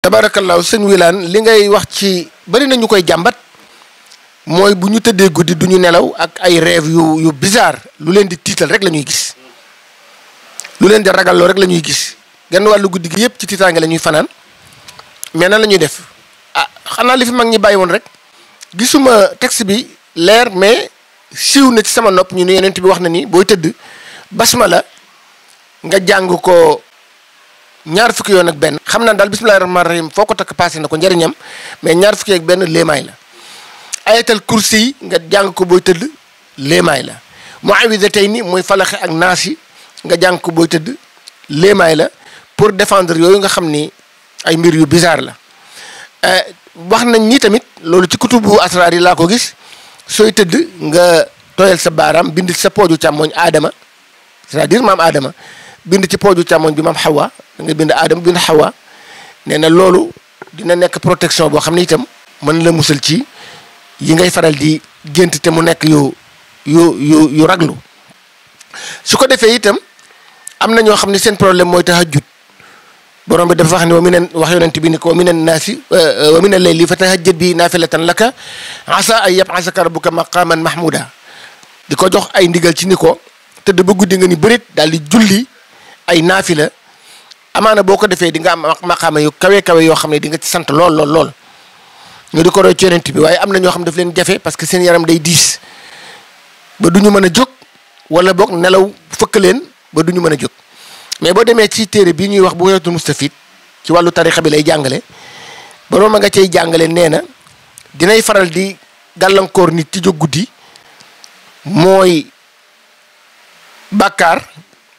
tabarakallah seigne wilan, li ngay wax ci bari nañu koy jambat moy buñu teddé tëddee guddi duñu nelaw ak ay rêve yu yu bizarre lu leen di tital rek lañuy gis lu leen di lo rek lañuy gis genn walu guddi gi yépp ci tiitaange la ñuy mais nan lañuy def ah xana li fi mag ñi bàyyi rek gisuma texte bi leer mais siiw na ci sama nopp ñu ne bi wax na ni boy teud basmala nga jang ko ñaar fukki yoon ak benn xam naa daal bisimilah rahmaani rahim foo ko takk passé na ko njëriñam mais ñaar fukki ak benn léemaay la ayatal kursi yi nga jàng ko booy tëdd léemaay la muawidatayni muy falaxe ak naas yi nga jàng booy tëdd léemaay la pour défendre yooyu nga xam ni ay mbir yu bizarre la eh, wax nañ ni tamit loolu ci kutubu asraar yi laa ko gis sooy tëdd nga tooyal sa baaraam bind sa pooju càmmooñ aadama c'est-à-dire maam aadama bind ci pooju càmmoñ bi maam xawa da nga bind aadama bind xawa nee na loolu dina nekk protection boo xam ne itam mën la musal ci yi ngay faral di gént te mu nekk yu yu yu yu raglu su ko defee itam am na ñoo xam ne seen problème mooy tahajjud borom bi dafa wax ne wa minan wax yonent bi ni ko wa minan naasi wa minal layli fa tahajjad bi naa naafilatan laka asa ay yab'asaka rabbuka maqaman mahmuda di ko jox ay ndigal ci ni ko te da ba guddi nga ni bërit daal di julli ay la amaana boo ko defee di nga am maqaama yu kawe kawe yoo xam ne di nga ci sant lool lool lool ñu di ko roy ci bi waaye am na ñoo xam daf leen jafe parce que seen yaram day diis ba du ñu mën a jóg wala boog nelaw fëkk leen ba duñu mën a jóg mais boo demee ci téere bi ñuy wax bu weetu mustafid ci wàllu tarixa bi lay jàngale borom a nga cay jàngale nee na dinay faral di gàllankoor nit ci jóg guddi mooy bàkkaar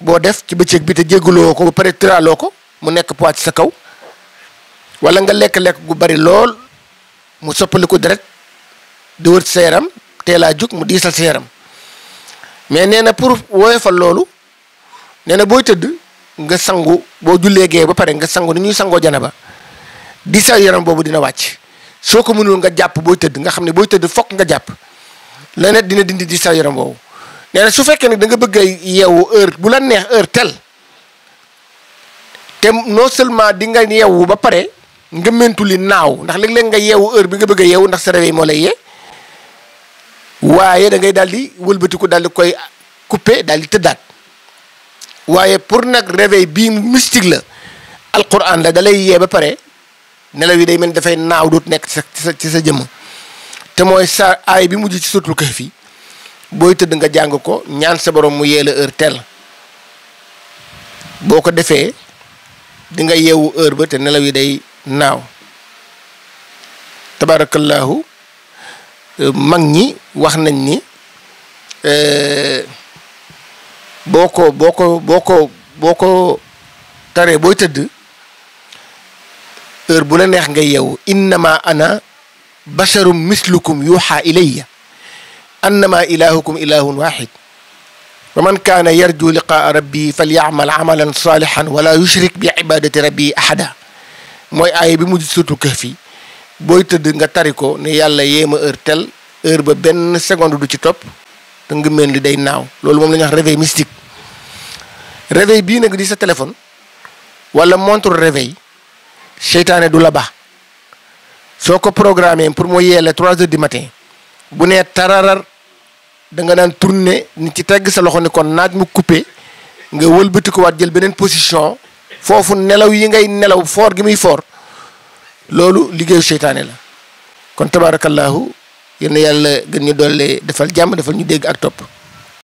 boo def ci bëccëg bi te jégguloo ko ba pare tëraloo ko mu nekk poids ci sa kaw wala nga lekk-lekk gu bari lool mu soppali ko deret di sa yaram teel laa jug mu diisal sa yaram mais nee na pour fa loolu nee na booy tëdd nga sangu boo jullee gee ba pare nga sangu ni ñuy sangoo di diisal yaram boobu dina wàcc soo ko mënul nga jàpp booy tëdd nga xam ne booy tëdd fokk nga jàpp leneen dina dindi diisal yaram boobu. nee na su fekkee nag da nga bëgg a yeewu heure bu la neex heure tel te non seulement dinga nga yeewu ba pare nga mentu li naaw ndax léeg-léeg nga yeewu heure bi nga bëgg a yeewu ndax sa réveil moo lay yee waaye da ngay daal di wëlbatiku daal di koy couper daal di tëddaat waaye pour nag réveil bi mystique la alquran la da yee ba pare nelaw yi day mel dafay naaw doot nekk ci sa ci sa jëmm te mooy sa aay bi mujj ci sutul fii booy tëdd nga jàng ko ñaan sa borom mu yee la heure teel boo ko defee di nga yeewu heure ba te nelaw yi day naaw tabaarakallaahu mag ñi wax nañ ni eh, boo ko boo ko boo ko boo ko taree booy tëdd heure bu la neex nga yeewu innama ana basharum mislukum yuuxa ilayya أنما إلهكم إله واحد ومن كان يرجو لقاء ربي فليعمل عملا صالحا ولا يشرك بعبادة ربي أحدا موي آية بمجد سوتو كهفي بوي تد نغا تاريكو ني يالا ييما ارتل ارب بن سيكوند دو تي توب تنغ مين لي داي ناو لول موم لا نخ ريفي ميستيك ريفي بي نغ دي سا تليفون ولا مونتر ريفي شيطان دو لبا سوكو بروغرامي بور مو ييلا 3 دي ماتين بو ني تارارار da nga daan tourner ni ci tegg sa loxo ni kon naaj mu coupé nga wëlbati ko waat jël beneen position foofu nelaw yi ngay nelaw foor gi muy foor loolu liggéeyu seytaane la kon tabaarakallaahu yéen yàlla gën ñu doole defal jàmm defal ñu dégg ak topp